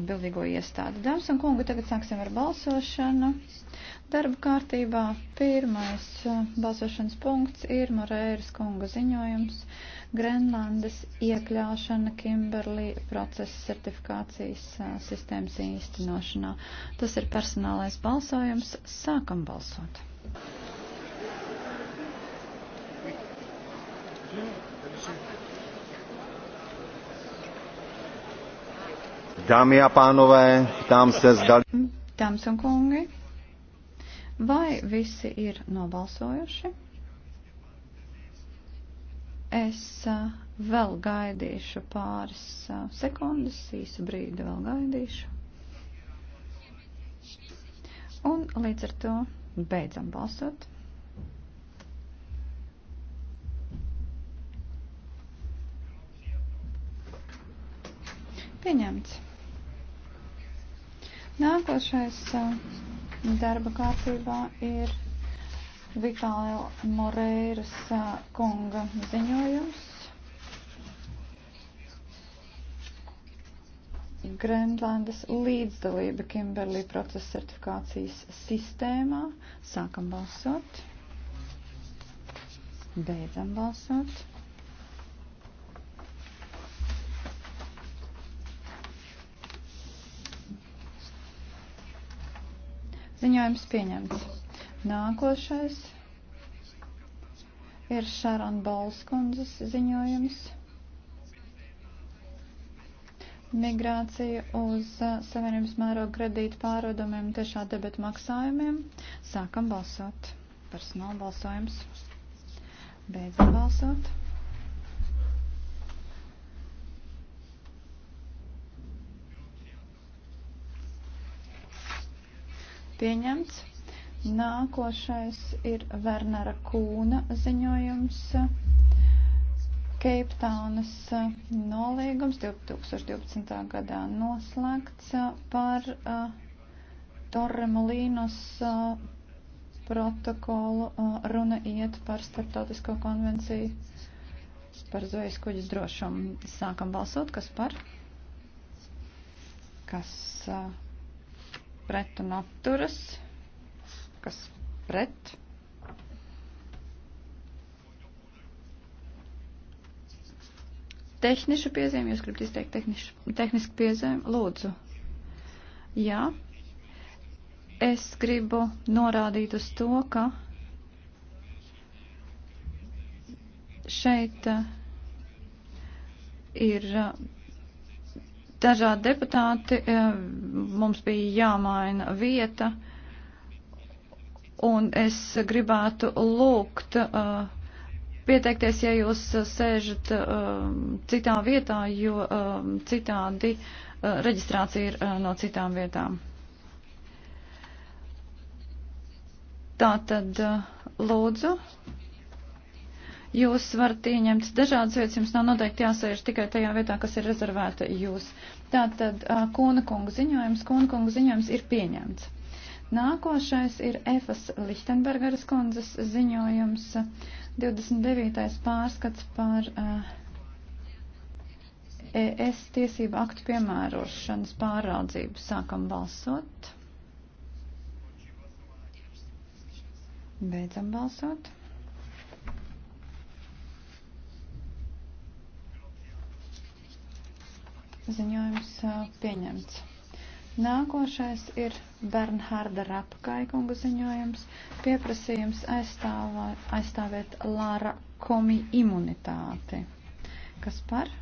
atbildīgo iestādi. Dāmas un kungi, tagad sāksim ar balsošanu. Darba kārtībā pirmais uh, balsošanas punkts ir Morēras kunga ziņojums Grenlandes iekļaušana Kimberlī procesa certifikācijas uh, sistēmas īstenošanā. Tas ir personālais balsojums. Sākam balsot. Yeah, Dámy a pánové, ptám se zdali. Dāmas un kungi, vai visi ir nobalsojuši? Es vēl gaidīšu pāris sekundes, īsu brīdi vēl gaidīšu. Un līdz ar to beidzam balsot. Pieņemts. Nākošais uh, darba kārtībā ir Vitāla Moreiras uh, kunga ziņojums. Grenlandes līdzdalība Kimberlī procesa certifikācijas sistēmā. Sākam balsot. Beidzam balsot. Ziņojums pieņemts. Nākošais ir Šarona Balskundzes ziņojums. Migrācija uz uh, Savienības mēroga kredītu pārvedumiem tiešā debeta maksājumiem. Sākam balsot. Personāla balsojums. Beidzam balsot. Pieņemts. Nākošais ir Vernera Kūna ziņojums. Cape Townas uh, nolīgums 2012. gadā noslēgts uh, par uh, Torremolīnos uh, protokolu. Uh, runa iet par starptautisko konvenciju par zvejas kuģis drošumu. Sākam balsot, kas par? Kas uh, pret un atturas, kas pret. Tehnišu piezīmi, jūs gribat izteikt tehnišu, tehnisku piezīmi, lūdzu. Jā, es gribu norādīt uz to, ka šeit uh, ir uh, dažādi deputāti, e, mums bija jāmaina vieta, un es gribētu lūgt e, pieteikties, ja jūs sēžat e, citā vietā, jo citādi reģistrācija ir no citām vietām. Tātad lūdzu. Jūs varat ieņemt dažādas vietas, jums nav noteikti jāsēž tikai tajā vietā, kas ir rezervēta jūs. Tātad Kūna kunga ziņojums, Kūna kunga ziņojums ir pieņemts. Nākošais ir Efas Lichtenbergeras kundzes ziņojums, 29. pārskats par uh, ES tiesību aktu piemērošanas pārraudzību. Sākam balsot. Beidzam balsot. Ziņojums pieņemts. Nākošais ir Bernharda Rapkaikunga ziņojums. Pieprasījums aizstāvā, aizstāvēt Lāra komi imunitāti. Kas par?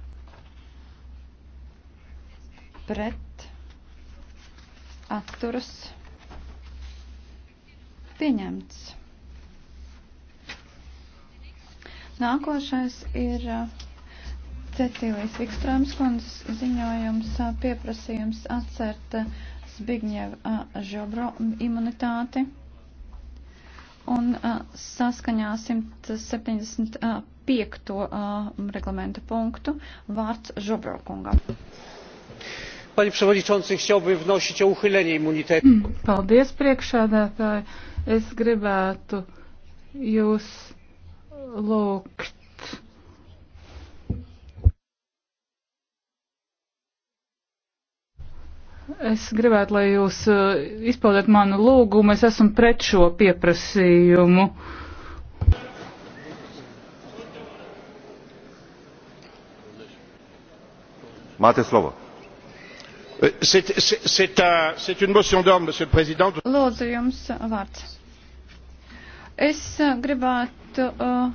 Pret. Atturas. Pieņemts. Nākošais ir. Uh, Cecīlijas Vikstrāmas kundzes ziņojums pieprasījums atcert Zbigņeva Žobro imunitāti. Un saskaņā 175. reglamenta punktu vārds Žobro kungam. Panie przewodniczący, chciałbym wnosić o uchylenie immunitetu. Mm, paldies, priekšādātāji. Es gribētu jūs lūgt Es gribētu, lai jūs eh, izpaudiet manu lūgumu. Es esmu pret šo pieprasījumu. Mate slovo. Euh, c'est une motion d'ordre, monsieur le président. Lūdzu, jums vārds. Es eh, gribētu uh,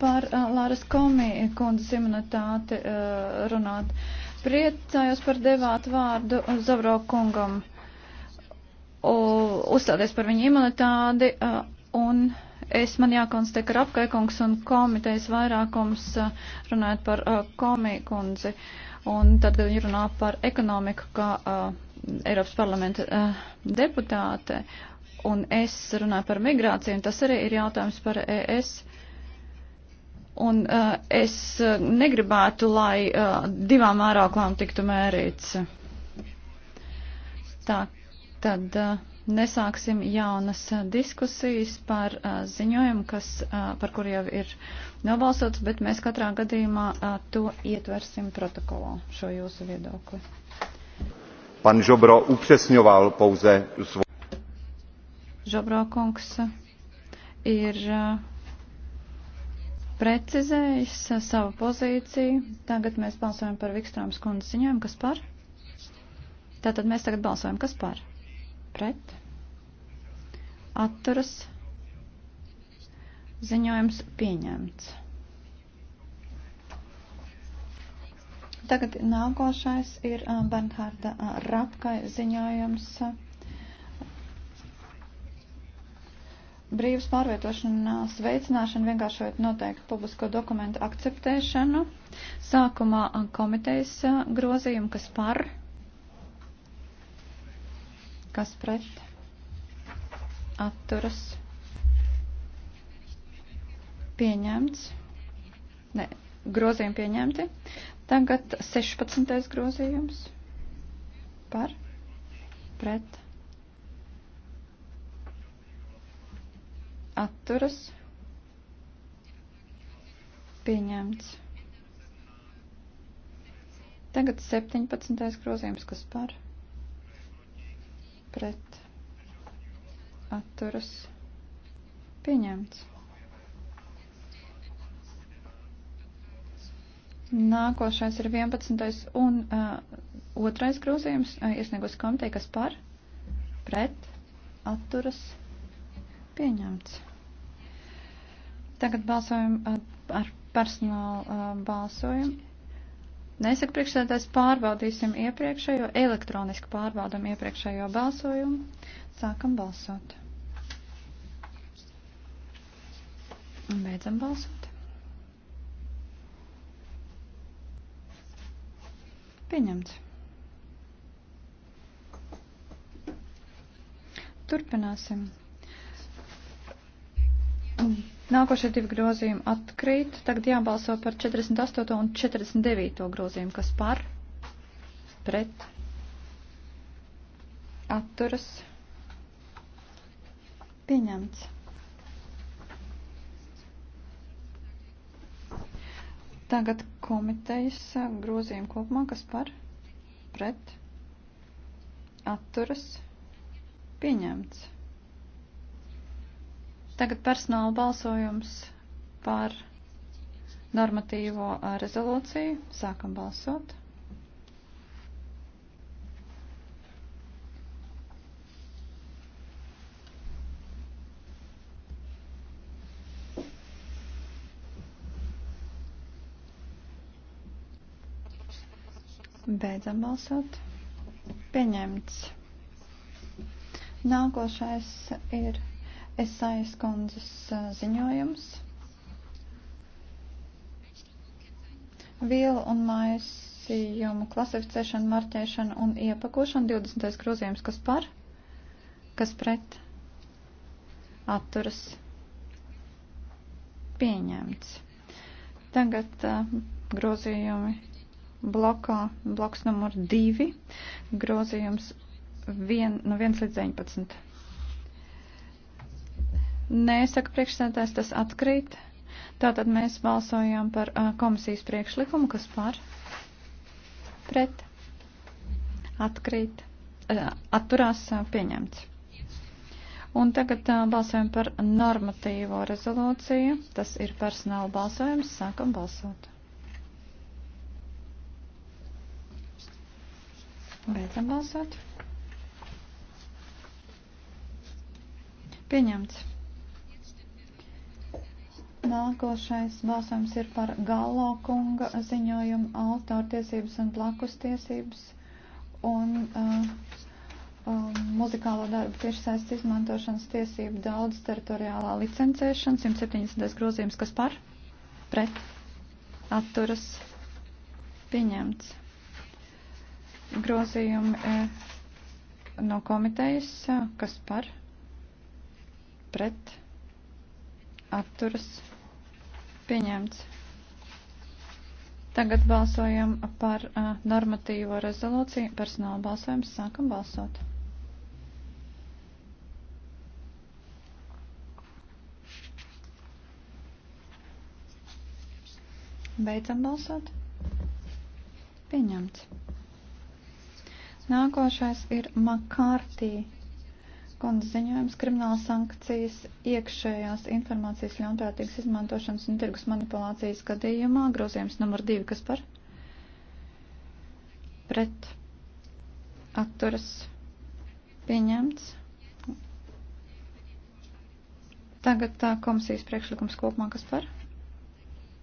par uh, Lāras Komī kundzes imunitāti uh, runāt. Uh, Priecājos par devātu vārdu Zavro kungam. Uzstāties par viņu imunitādi un es man jākonstatē, ka apkaikungs un komitejas vairākums runājot par komikundzi. Un tad, kad viņi runā par ekonomiku, kā uh, Eiropas parlamenta uh, deputāte, un es runāju par migrāciju, un tas arī ir jautājums par ES Un uh, es uh, negribētu, lai uh, divām ārāklām tiktu mērīts. Tā, tad uh, nesāksim jaunas uh, diskusijas par uh, ziņojumu, kas, uh, par kur jau ir nobalsots, bet mēs katrā gadījumā uh, to ietversim protokolā, šo jūsu viedokli. Pan Žobro upřesňoval pouze svoj. Žobro kungs ir. Uh, precizējis uh, savu pozīciju. Tagad mēs balsojam par Vikstrāmas kundzes ziņojumu, kas par? Tātad mēs tagad balsojam, kas par? Pret? Atturas? Ziņojums pieņemts. Tagad nākošais ir uh, Bernhārda uh, Rapkai ziņojums. brīvas pārvietošanās veicināšana, vienkāršojot noteikti publisko dokumentu akceptēšanu. Sākumā komitejas grozījumu, kas par, kas pret, atturas, pieņemts. Nē, grozījumi pieņemti. Tagad 16. grozījums par, pret, atturas atturas pieņemts. Tagad 17. grozījums, kas par pret atturas pieņemts. Nākošais ir 11. un uh, otrais grozījums, uh, iesniegos komiteja, kas par pret atturas pieņemts. Tagad balsojam uh, ar personālu uh, balsojumu. Nesaka priekšsēdētājs pārbaudīsim iepriekšējo, elektroniski pārbaudam iepriekšējo balsojumu. Sākam balsot. Un beidzam balsot. Pieņemts. Turpināsim. Mm Nākošie divi grozījumi atkrīt. Tagad jābalso par 48. un 49. grozījumu, kas par, pret, atturas, pieņemts. Tagad komitejas grozījumi kopumā, kas par, pret, atturas, pieņemts. Tagad personāla balsojums par normatīvo rezolūciju. Sākam balsot. Beidzam balsot. Pieņemts. Nākošais ir Esājas kundzes uh, ziņojums. Vielu un maisījumu klasificēšana, marķēšana un iepakošana 20. grozījums, kas par, kas pret, atturas, pieņemts. Tagad uh, grozījumi blokā, bloks numur 2, grozījums 1, no 1 līdz 19. Nē, saka priekšsēdētājs, tas atkrīt. Tātad mēs balsojām par komisijas priekšlikumu, kas par pret atkrīt, atturās pieņemts. Un tagad balsojam par normatīvo rezolūciju. Tas ir personāla balsojums. Sākam balsot. Beidzam balsot. Pieņemts. Nākošais balsojums ir par Galo kunga ziņojumu autortiesības un plakus tiesības un uh, uh, muzikālo darbu tiešsaistes izmantošanas tiesību daudz teritoriālā licencēšana, 170. grozījums, kas par, pret, atturas, pieņemts. Grozījumi uh, no komitejas, uh, kas par, pret, atturas, pieņemts atturas Pieņemts. Tagad balsojam par uh, normatīvo rezolūciju. Personāla balsojums. Sākam balsot. Beidzam balsot. Pieņemts. Nākošais ir Makārtī kundze ziņojums krimināla sankcijas iekšējās informācijas ļaunprātīgas izmantošanas un tirgus manipulācijas gadījumā. Grozījums numur divi, kas par? Pret. Atturas. Pieņemts. Tagad tā komisijas priekšlikums kopumā, kas par?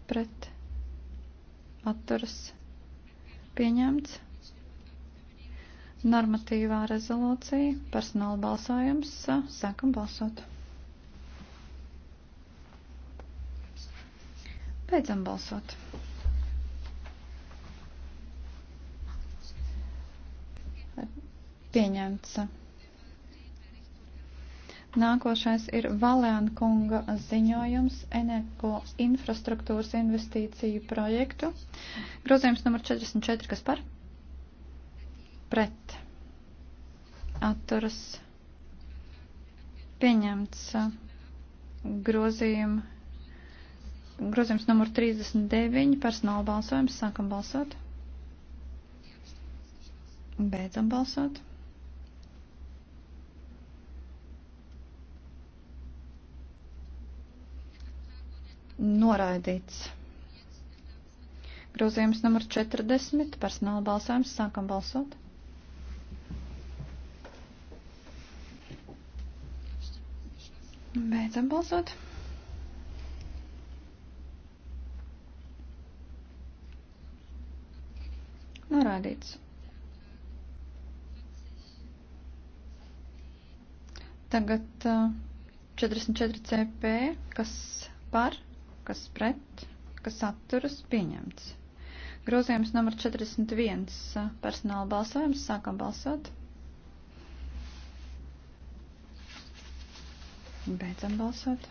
Pret. Atturas. Pieņemts. Normatīvā rezolūcija, personāla balsojums, sākam balsot. Beidzam balsot. Pieņemts. Nākošais ir Valēna kunga ziņojums energo infrastruktūras investīciju projektu. Grozījums numur 44, kas par? pret atturas pieņemts grozījuma, grozījums numur 39, personāla balsojums, sākam balsot, beidzam balsot. Noraidīts. Grozījums numur 40, personāla balsojums, sākam balsot. Beidzam balsot. Norādīts. Tagad uh, 44 CP, kas par, kas pret, kas atturas pieņemts. Grozījums numur 41 uh, personāla balsojums. Sākam balsot. Beidzam balsot.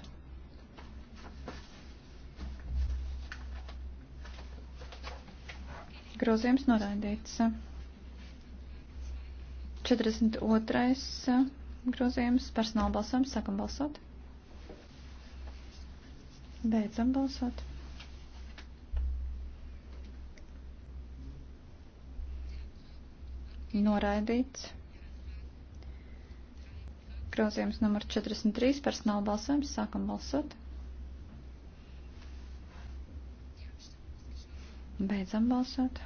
Grozījums noraidīts. 42. Uh, grozījums personāla balsojums. Sākam balsot. Beidzam balsot. Noraidīts. Grozījums numur 43. Personāla balsojums. Sākam balsot. Beidzam balsot.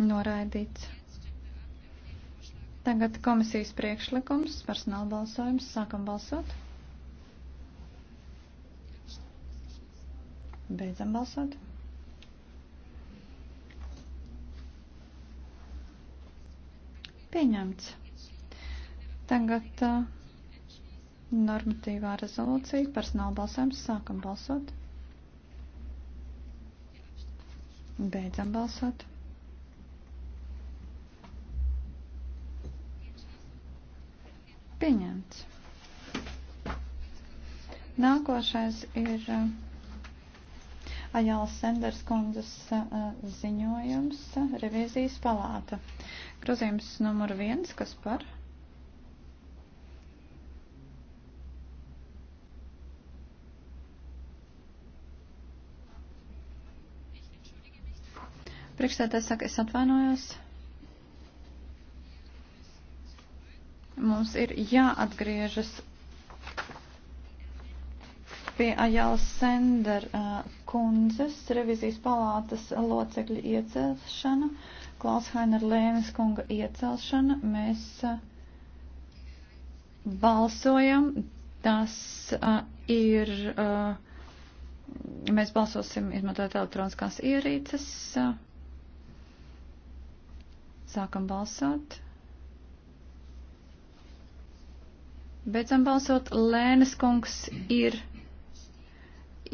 Noraidīts. Tagad komisijas priekšlikums. Personāla balsojums. Sākam balsot. Beidzam balsot. Pieņemts. Tagad uh, normatīvā rezolūcija, personāla balsojums, sākam balsot. Beidzam balsot. Pieņemts. Nākošais ir. Uh, Aņāls Senders kundzes eh, ziņojums, revīzijas palāta. Grozījums numur viens, kas par? Priekšsēdētājs saka, es atvainojos. Mums ir jāatgriežas pie Ajāls Sender uh, kundzes revizijas palātas locekļa iecelšana, Klaushainer Lēnes kunga iecelšana. Mēs uh, balsojam. Tas uh, ir. Mēs balsosim izmantojot elektroniskās ierīces. Sākam balsot. Beidzam balsot. Lēnes kungs ir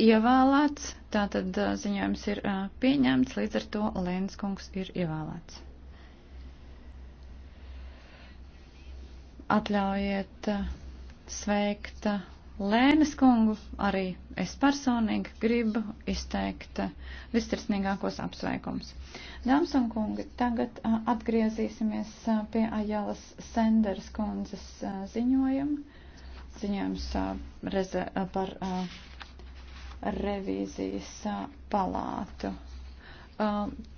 ievēlēts, tātad ziņojums ir pieņemts, līdz ar to Lēns kungs ir ievēlēts. Atļaujiet sveikt Lēnes kungu, arī es personīgi gribu izteikt viscirsnīgākos apsveikums. Dāmas un kungi, tagad atgriezīsimies pie Ajālas Senders kundzes ziņojuma. Ziņojums par revīzijas palātu.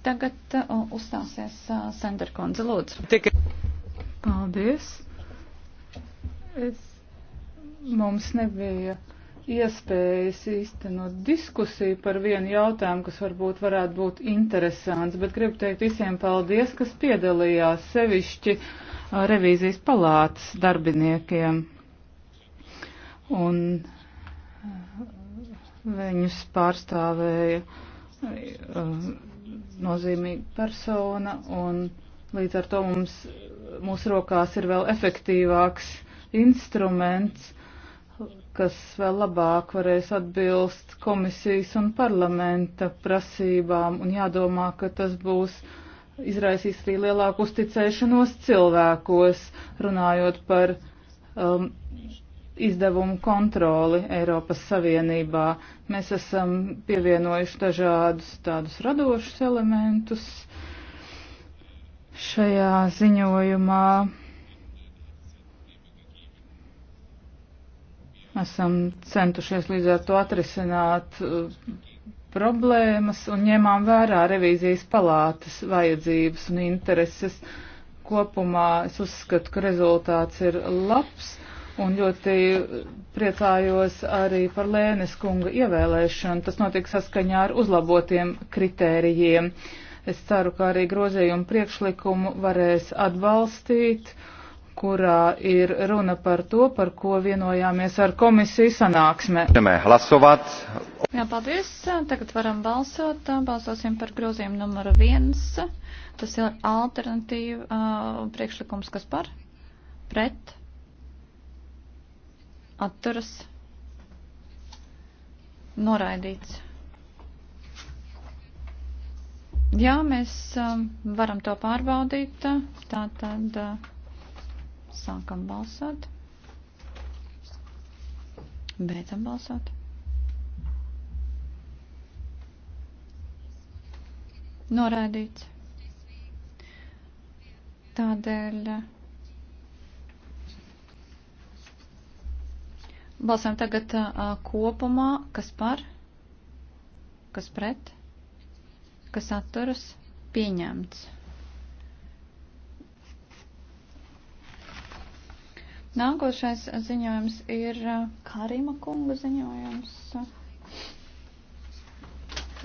Tagad uzstāsies Sandra Konze, lūdzu. Paldies. Es, mums nebija iespējas īstenot diskusiju par vienu jautājumu, kas varbūt varētu būt interesants, bet gribu teikt visiem paldies, kas piedalījās sevišķi revīzijas palātas darbiniekiem. Un Viņus pārstāvēja uh, nozīmīga persona un līdz ar to mums, mūsu rokās ir vēl efektīvāks instruments, kas vēl labāk varēs atbilst komisijas un parlamenta prasībām un jādomā, ka tas būs izraisīs arī lielāku uzticēšanos cilvēkos, runājot par um, izdevumu kontroli Eiropas Savienībā. Mēs esam pievienojuši dažādus tādus radošus elementus šajā ziņojumā. Esam centušies līdz ar to atrisināt uh, problēmas un ņēmām vērā revīzijas palātas vajadzības un intereses. Kopumā es uzskatu, ka rezultāts ir labs un ļoti priecājos arī par Lēnes kunga ievēlēšanu. Tas notiek saskaņā ar uzlabotiem kritērijiem. Es ceru, ka arī grozījumu priekšlikumu varēs atbalstīt, kurā ir runa par to, par ko vienojāmies ar komisiju sanāksmē. Jā, paldies. Tagad varam balsot. Balsosim par grozījumu numuru viens. Tas ir alternatīva uh, priekšlikums, kas par? Pret? atturas noraidīts. Jā, mēs um, varam to pārbaudīt. Tātad uh, sākam balsot. Beidzam balsot. Noraidīts. Tādēļ. Balsojam tagad uh, kopumā, kas par, kas pret, kas atturas, pieņemts. Nākošais ziņojums ir Karima kunga ziņojums.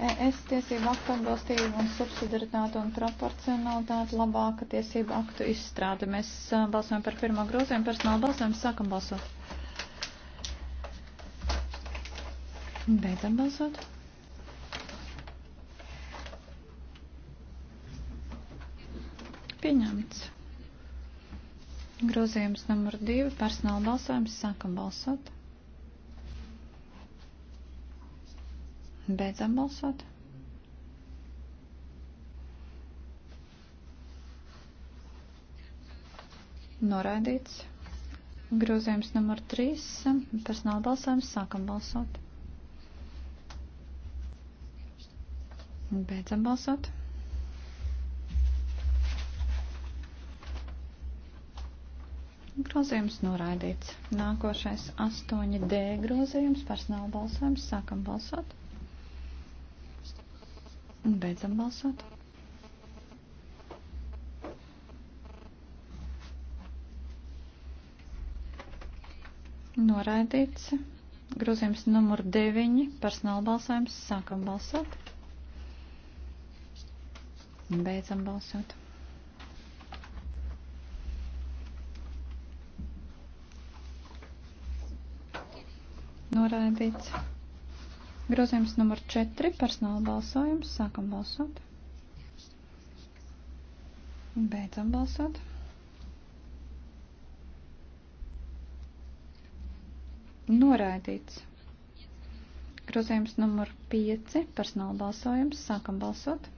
ES tiesību aktu atbalstību un subsidaritātu un proporcionalitātu labāka tiesību aktu izstrāde. Mēs balsojam par pirmo grozījumu, personāla balsojumu, sākam balsot. Beidzam balsot. Pieņemts. Grozījums numur divi - personāla balsojums. Sākam balsot. Beidzam balsot. Noraidīts. Grozījums numur 3. Personāla balsojums. Sākam balsot. Beidzam balsot. Grozījums noraidīts. Nākošais 8D grozījums personāla balsojums. Sākam balsot. Un beidzam balsot. Noraidīts. Grozījums numur 9. Personāla balsojums. Sākam balsot. Beidzam balsot. Noraidīts. Grozījums numur 4. Personāla balsojums. Sākam balsot. Beidzam balsot. Noraidīts. Grozījums numur 5. Personāla balsojums. Sākam balsot.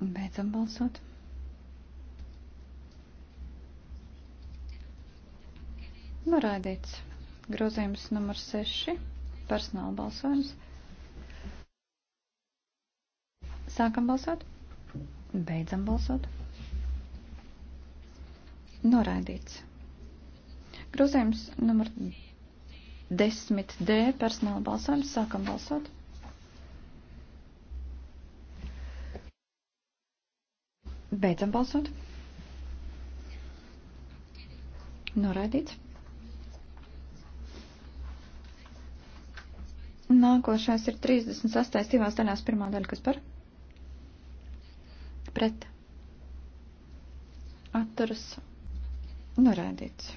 Beidzam balsot. Noraidīts. Grozījums numur 6. Personāla balsojums. Sākam balsot. Beidzam balsot. Noraidīts. Grozījums numur 10D personāla balsojums. Sākam balsot. Beidzam balsot. Noraidīts. Nākošais ir 38. divās daļās pirmā daļa, kas par? Pret. Atturas. Norēdīts.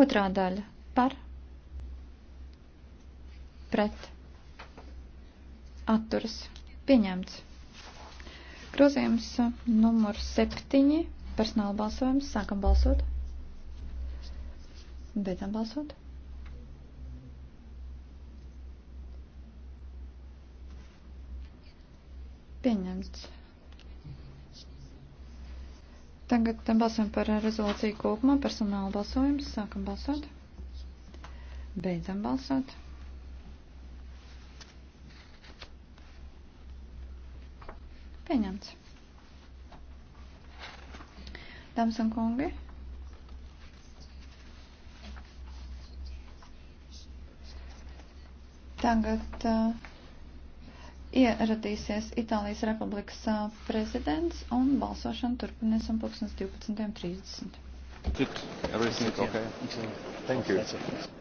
Otrā daļa par. Pret. Atturas. Pieņemts. Grozījums uh, numur septiņi. Personāla balsojums. Sākam balsot. Beidzam balsot. Pieņemts. Tagad balsojam par rezolūciju kopumā. Personāla balsojums. Sākam balsot. Beidzam balsot. Pieņemts. Dāmas un kungi. Tagad uh, ieradīsies Itālijas Republikas uh, prezidents un balsošana turpināsim 12.30. Did everything okay? Thank you.